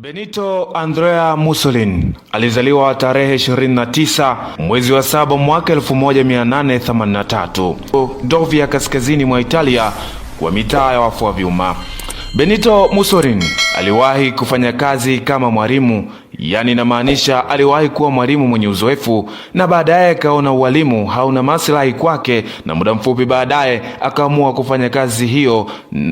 Benito Andrea Mussolini alizaliwa tarehe 29 mwezi wa saba mwaka 1883 Dovia, kaskazini mwa Italia, kwa mitaa ya wafua vyuma. Benito Mussolini aliwahi kufanya kazi kama mwalimu yaani inamaanisha aliwahi kuwa mwalimu mwenye uzoefu na baadaye akaona ualimu hauna maslahi kwake, na muda mfupi baadaye akaamua kufanya kazi hiyo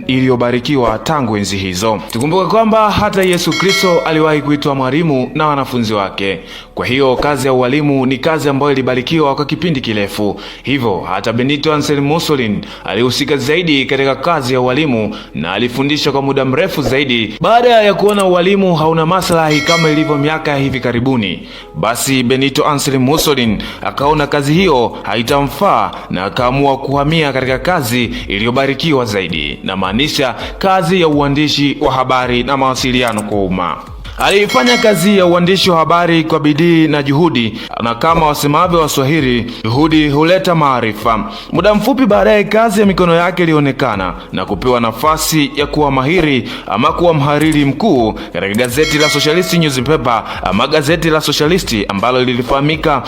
iliyobarikiwa tangu enzi hizo. Tukumbuke kwamba hata Yesu Kristo aliwahi kuitwa mwalimu na wanafunzi wake. Kwa hiyo kazi ya ualimu ni kazi ambayo ilibarikiwa kwa kipindi kirefu, hivyo hata Benito Anselm Mussolini alihusika zaidi katika kazi ya ualimu na alifundisha kwa muda mrefu zaidi. Baada ya kuona ualimu hauna maslahi kama ilivyo miaka ya hivi karibuni. Basi Benito Anseli Mussolini akaona kazi hiyo haitamfaa na akaamua kuhamia katika kazi iliyobarikiwa zaidi, na maanisha kazi ya uandishi wa habari na mawasiliano kwa umma. Aliifanya kazi ya uandishi wa habari kwa bidii na juhudi, na kama wasemavyo Waswahili, juhudi huleta maarifa. Muda mfupi baadaye, kazi ya mikono yake ilionekana na kupewa nafasi ya kuwa mahiri ama kuwa mhariri mkuu katika gazeti la Socialist Newspaper ama gazeti la Socialist ambalo lilifahamika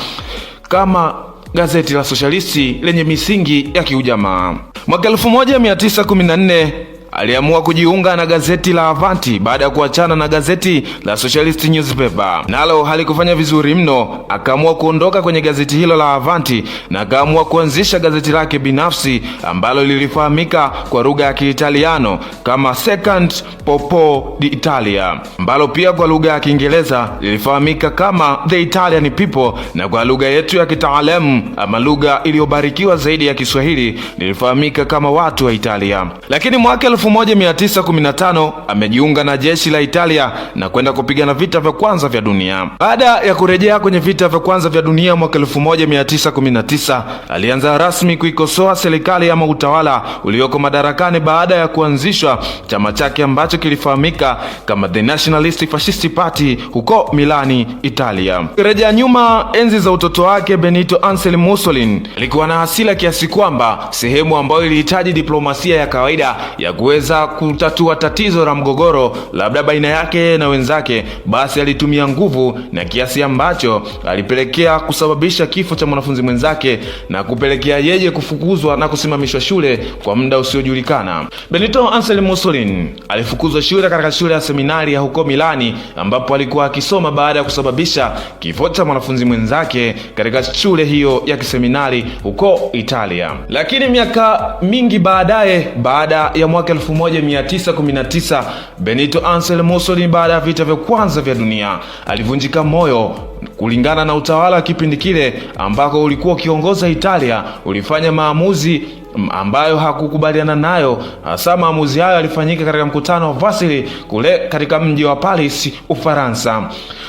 kama gazeti la Socialist lenye misingi ya kiujamaa. Mwaka 1914 aliamua kujiunga na gazeti la Avanti baada ya kuachana na gazeti la Socialist Newspaper, nalo halikufanya vizuri mno. Akaamua kuondoka kwenye gazeti hilo la Avanti na akaamua kuanzisha gazeti lake binafsi ambalo lilifahamika kwa lugha ya Kiitaliano kama Second Popo di Italia, ambalo pia kwa lugha ya Kiingereza lilifahamika kama The Italian People, na kwa lugha yetu ya kitaalamu ama lugha iliyobarikiwa zaidi ya Kiswahili lilifahamika kama watu wa Italia. Lakini mwaka 1915 amejiunga na jeshi la Italia na kwenda kupigana vita vya kwanza vya dunia. Baada ya kurejea kwenye vita vya kwanza vya dunia mwaka 1919, alianza rasmi kuikosoa serikali ama utawala ulioko madarakani baada ya kuanzishwa chama chake ambacho kilifahamika kama The Nationalist Fascist Party huko Milani, Italia. Kurejea nyuma enzi za utoto wake, Benito Anselm Mussolini alikuwa na hasira kiasi kwamba sehemu ambayo ilihitaji diplomasia ya kawaida ya kuweza kutatua tatizo la mgogoro labda baina yake na wenzake, basi alitumia nguvu na kiasi ambacho alipelekea kusababisha kifo cha mwanafunzi mwenzake na kupelekea yeye kufukuzwa na kusimamishwa shule kwa muda usiojulikana. Benito Ansel Mussolini alifukuzwa shule katika shule ya seminari ya huko Milani ambapo alikuwa akisoma baada ya kusababisha kifo cha mwanafunzi mwenzake katika shule hiyo ya kiseminari huko Italia. Lakini miaka mingi baadaye, baada ya mwaka 1919 Benito Ansel Mussolini baada ya vita vya kwanza vya dunia alivunjika moyo kulingana na utawala wa kipindi kile ambako ulikuwa ukiongoza Italia ulifanya maamuzi ambayo hakukubaliana nayo. Hasa maamuzi hayo yalifanyika katika mkutano wa vasili kule katika mji wa Paris, Ufaransa.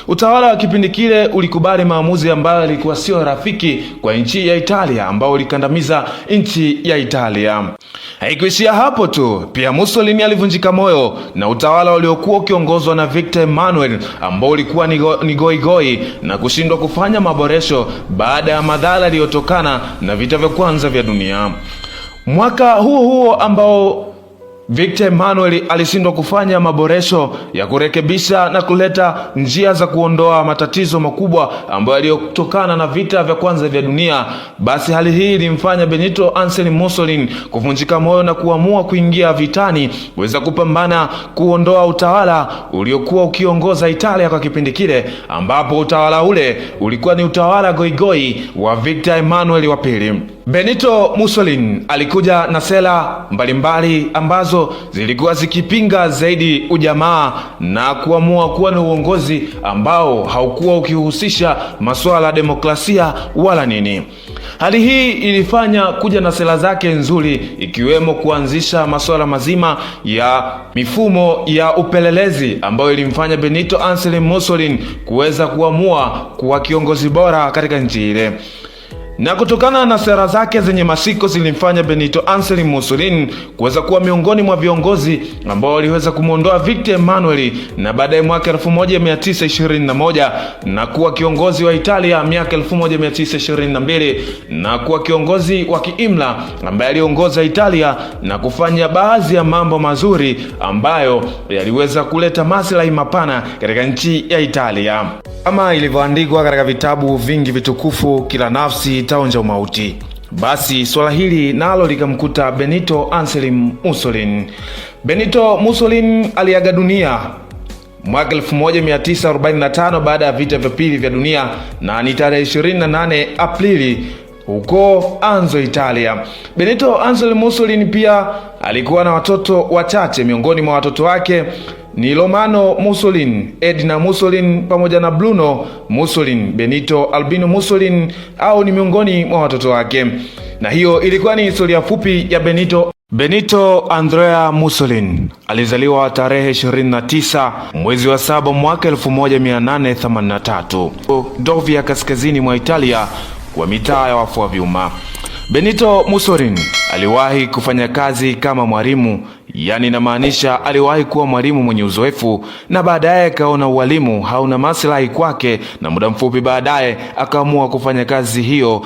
Utawala wa kipindi kile ulikubali maamuzi ambayo yalikuwa sio rafiki kwa nchi ya Italia, ambao ulikandamiza nchi ya Italia. Haikuishia hapo tu, pia Mussolini alivunjika moyo na utawala uliokuwa ukiongozwa na Victor Emmanuel ambao ulikuwa ni goigoi na kushindwa kufanya maboresho baada ya madhara yaliyotokana na vita vya kwanza vya dunia. Mwaka huo huo ambao Victor Emmanuel alishindwa kufanya maboresho ya kurekebisha na kuleta njia za kuondoa matatizo makubwa ambayo yaliyotokana na vita vya kwanza vya dunia, basi hali hii ilimfanya Benito Anselm Mussolini kuvunjika moyo na kuamua kuingia vitani kuweza kupambana kuondoa utawala uliokuwa ukiongoza Italia kwa kipindi kile, ambapo utawala ule ulikuwa ni utawala goigoi wa Victor Emmanuel wa pili. Benito Mussolini alikuja na sera mbalimbali ambazo zilikuwa zikipinga zaidi ujamaa na kuamua kuwa na uongozi ambao haukuwa ukihusisha masuala ya demokrasia wala nini. Hali hii ilifanya kuja na sera zake nzuri, ikiwemo kuanzisha masuala mazima ya mifumo ya upelelezi ambayo ilimfanya Benito Mussolini kuweza kuamua kuwa kiongozi bora katika nchi ile na kutokana na sera zake zenye masiko zilimfanya Benito Anseli Mussolini kuweza kuwa miongoni mwa viongozi ambao waliweza kumwondoa Victor Emmanuel na baadaye mwaka 1921 na kuwa kiongozi wa Italia miaka 1922 na kuwa kiongozi wa kiimla ambaye aliongoza Italia na kufanya baadhi ya mambo mazuri ambayo yaliweza kuleta maslahi mapana katika nchi ya Italia kama ilivyoandikwa katika vitabu vingi vitukufu, kila nafsi nja umauti. Basi swala hili nalo likamkuta Benito Anselim Mussolini. Benito Mussolini aliaga dunia mwaka 1945 baada ya vita vya pili vya dunia na ni tarehe 28 Aprili huko Anzo, Italia. Benito Anselim Mussolini pia alikuwa na watoto wachache. Miongoni mwa watoto wake ni Romano Musolin, Edna Musolin pamoja na Bruno Musolin. Benito Albino Musolin au ni miongoni mwa watoto wake. Na hiyo ilikuwa ni historia fupi ya Benito Benito Andrea Mussolini alizaliwa tarehe 29 mwezi wa saba mwaka 1883 Dovia, kaskazini mwa Italia, kwa mitaa ya wafua vyuma. Benito Mussolini aliwahi kufanya kazi kama mwalimu Yaani inamaanisha aliwahi kuwa mwalimu mwenye uzoefu na baadaye akaona ualimu hauna maslahi kwake, na muda mfupi baadaye akaamua kufanya kazi hiyo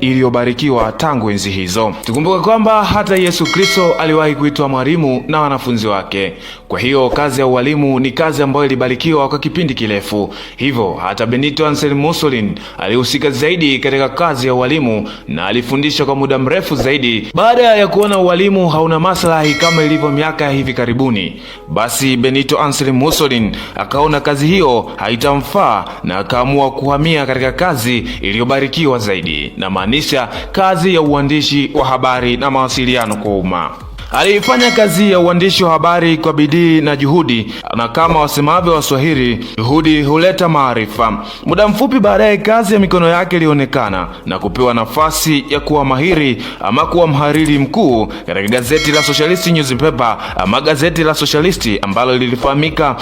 iliyobarikiwa tangu enzi hizo. Tukumbuke kwamba hata Yesu Kristo aliwahi kuitwa mwalimu na wanafunzi wake. Kwa hiyo kazi ya ualimu ni kazi ambayo ilibarikiwa kwa kipindi kirefu, hivyo hata Benito Ansel Mussolini alihusika zaidi katika kazi ya ualimu na alifundisha kwa muda mrefu zaidi. Baada ya kuona ualimu hauna maslahi kama ilivyo kwa miaka ya hivi karibuni. Basi Benito Anselm Mussolini akaona kazi hiyo haitamfaa na akaamua kuhamia katika kazi iliyobarikiwa zaidi, na maanisha kazi ya uandishi wa habari na mawasiliano kwa umma. Aliifanya kazi ya uandishi wa habari kwa bidii na juhudi, na kama wasemavyo Waswahili, juhudi huleta maarifa. Muda mfupi baadaye, kazi ya mikono yake ilionekana na kupewa nafasi ya kuwa mahiri ama kuwa mhariri mkuu katika gazeti la Socialist Newspaper ama gazeti la Socialist ambalo lilifahamika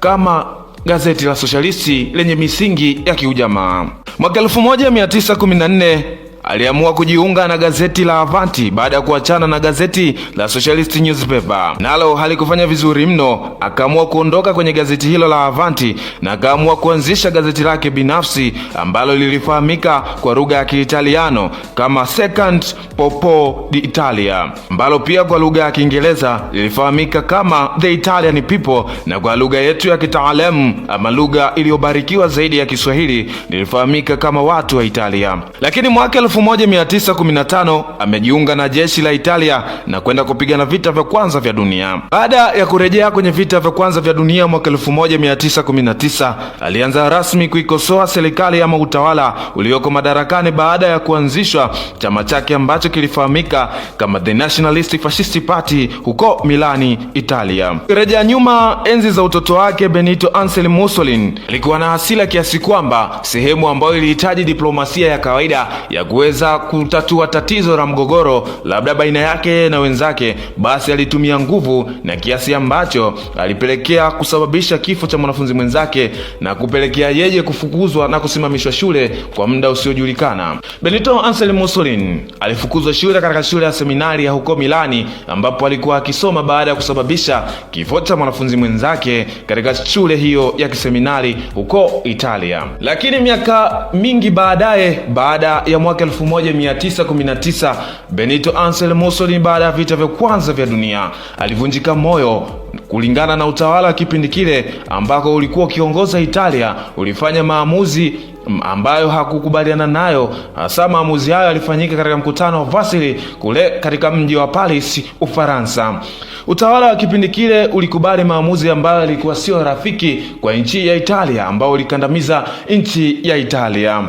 kama gazeti la Socialist lenye misingi ya kiujamaa. Mwaka 1914 aliamua kujiunga na gazeti la Avanti baada ya kuachana na gazeti la Socialist Newspaper, nalo halikufanya vizuri mno. Akaamua kuondoka kwenye gazeti hilo la Avanti na akaamua kuanzisha gazeti lake binafsi ambalo lilifahamika kwa lugha ya Kiitaliano kama Second Popo di Italia, ambalo pia kwa lugha ya Kiingereza lilifahamika kama The Italian People, na kwa lugha yetu ya kitaalamu ama lugha iliyobarikiwa zaidi ya Kiswahili lilifahamika kama watu wa Italia. Lakini mwaka 1915 amejiunga na jeshi la Italia na kwenda kupigana vita vya kwanza vya dunia. Baada ya kurejea kwenye vita vya kwanza vya dunia mwaka 1919, alianza rasmi kuikosoa serikali ama utawala ulioko madarakani baada ya kuanzishwa chama chake ambacho kilifahamika kama The Nationalist Fascist Party huko Milani, Italia. Kurejea nyuma enzi za utoto wake, Benito ansel Mussolini alikuwa na hasira kiasi kwamba sehemu ambayo ilihitaji diplomasia ya kawaida ya kuwe kuweza kutatua tatizo la mgogoro labda baina yake na wenzake, basi alitumia nguvu na kiasi ambacho alipelekea kusababisha kifo cha mwanafunzi mwenzake na kupelekea yeye kufukuzwa na kusimamishwa shule kwa muda usiojulikana. Benito Ansel Mussolini alifukuzwa shule katika shule ya seminari ya huko Milani ambapo alikuwa akisoma baada ya kusababisha kifo cha mwanafunzi mwenzake katika shule hiyo ya kiseminari huko Italia. Lakini miaka mingi baadaye, baada ya mwaka 1919 Benito Ansel Mussolini baada ya vita vya kwanza vya dunia alivunjika moyo kulingana na utawala wa kipindi kile ambako ulikuwa ukiongoza Italia ulifanya maamuzi ambayo hakukubaliana nayo. Hasa ah, maamuzi hayo yalifanyika katika mkutano wa Vasili kule katika mji wa Paris, Ufaransa. Utawala wa kipindi kile ulikubali maamuzi ambayo yalikuwa sio rafiki kwa nchi ya Italia, ambao ulikandamiza nchi ya Italia.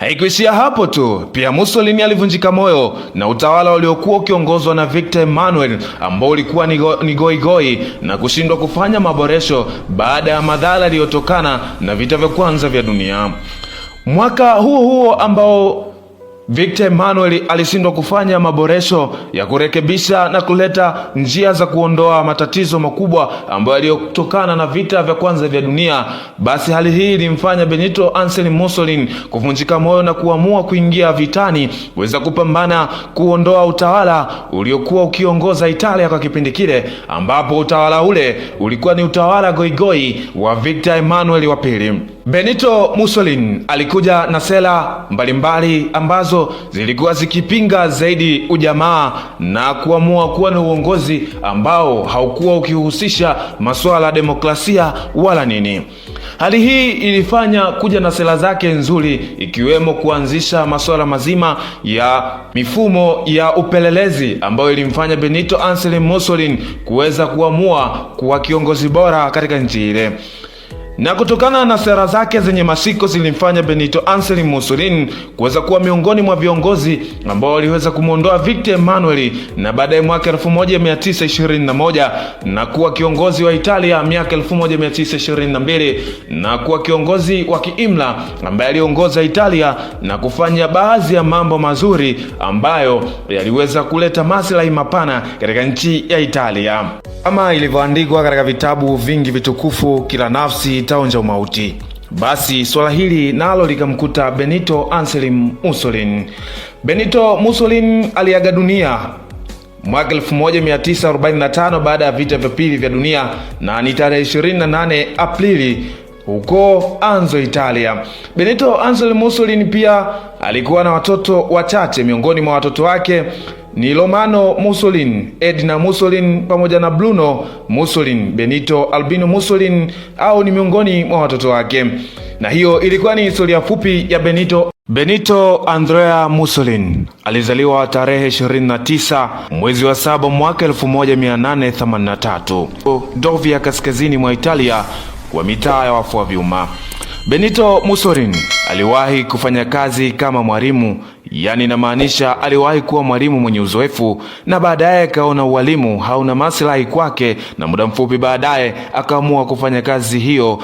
Haikuishia hapo tu, pia Mussolini alivunjika moyo na utawala uliokuwa ukiongozwa na Victor Emmanuel ambao ulikuwa ni goigoi na kushindwa kufanya maboresho baada ya madhara yaliyotokana na vita vya kwanza vya dunia. Mwaka huo huo ambao Victor Emmanuel alishindwa kufanya maboresho ya kurekebisha na kuleta njia za kuondoa matatizo makubwa ambayo yaliyotokana na vita vya kwanza vya dunia, basi hali hii ilimfanya Benito Anselm Mussolini kuvunjika moyo na kuamua kuingia vitani kuweza kupambana kuondoa utawala uliokuwa ukiongoza Italia kwa kipindi kile, ambapo utawala ule ulikuwa ni utawala goigoi wa Victor Emmanuel wa pili. Benito Mussolini alikuja na sera mbalimbali ambazo zilikuwa zikipinga zaidi ujamaa na kuamua kuwa na uongozi ambao haukuwa ukihusisha masuala ya demokrasia wala nini. Hali hii ilifanya kuja na sera zake nzuri, ikiwemo kuanzisha masuala mazima ya mifumo ya upelelezi ambayo ilimfanya Benito Anselm Mussolini kuweza kuamua kuwa kiongozi bora katika nchi ile na kutokana na sera zake zenye mashiko zilimfanya Benito Anseli Mussolini kuweza kuwa miongoni mwa viongozi ambao waliweza kumwondoa Victor Emmanuel na baadaye mwaka 1921 na kuwa kiongozi wa Italia miaka 1922 na kuwa kiongozi wa kiimla ambaye aliongoza Italia na kufanya baadhi ya mambo mazuri ambayo yaliweza kuleta maslahi mapana katika nchi ya Italia. Kama ilivyoandikwa katika vitabu vingi vitukufu, kila nafsi itaonja umauti. Basi swala hili nalo likamkuta Benito Anselm Mussolini. Benito Mussolini aliaga dunia mwaka 1945 baada ya vita vya pili vya dunia na ni tarehe 28 Aprili huko Anzo, Italia. Benito Anselm Mussolini pia alikuwa na watoto wachache. Miongoni mwa watoto wake ni Romano Mussolini, Edna Mussolini pamoja na Bruno Mussolini, Benito Albino Mussolini au ni miongoni mwa watoto wake. Na hiyo ilikuwa ni historia fupi ya Benito Benito Andrea Mussolini alizaliwa tarehe 29 mwezi wa saba mwaka 1883 Dovia, kaskazini mwa Italia, kwa mitaa ya wafua vyuma. Benito Mussolini aliwahi kufanya kazi kama mwalimu yaani inamaanisha aliwahi kuwa mwalimu mwenye uzoefu na baadaye akaona ualimu hauna maslahi kwake, na muda mfupi baadaye akaamua kufanya kazi hiyo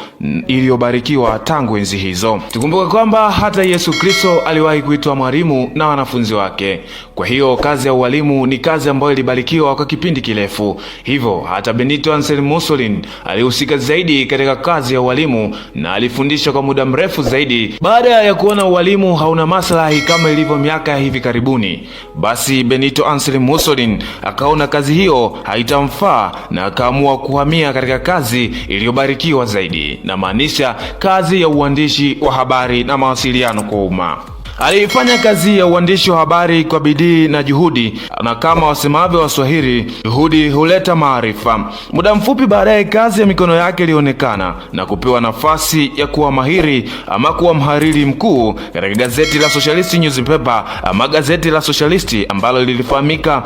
iliyobarikiwa tangu enzi hizo. Tukumbuke kwamba hata Yesu Kristo aliwahi kuitwa mwalimu na wanafunzi wake. Kwa hiyo kazi ya ualimu ni kazi ambayo ilibarikiwa kwa kipindi kirefu, hivyo hata Benito Anselm Mussolini alihusika zaidi katika kazi ya ualimu na alifundisha kwa muda mrefu zaidi. Baada ya kuona ualimu hauna maslahi kama ilivyo hivyo miaka ya hivi karibuni. Basi Benito Anselm Mussolini akaona kazi hiyo haitamfaa na akaamua kuhamia katika kazi iliyobarikiwa zaidi, na maanisha kazi ya uandishi wa habari na mawasiliano kwa umma. Aliifanya kazi ya uandishi wa habari kwa bidii na juhudi, na kama wasemavyo Waswahili, juhudi huleta maarifa. Muda mfupi baadaye, kazi ya mikono yake ilionekana na kupewa nafasi ya kuwa mahiri ama kuwa mhariri mkuu katika gazeti la Socialist Newspaper ama gazeti la Socialist ambalo lilifahamika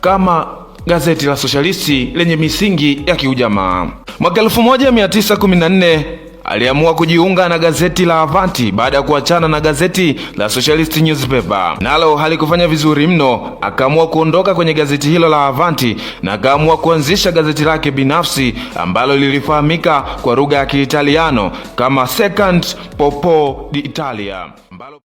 kama gazeti la Socialist lenye misingi ya kiujamaa. Mwaka 1914 aliamua kujiunga na gazeti la Avanti baada ya kuachana na gazeti la Socialist Newspaper. Nalo halikufanya vizuri mno, akaamua kuondoka kwenye gazeti hilo la Avanti na akaamua kuanzisha gazeti lake binafsi ambalo lilifahamika kwa lugha ya Kiitaliano kama Second Popolo d'Italia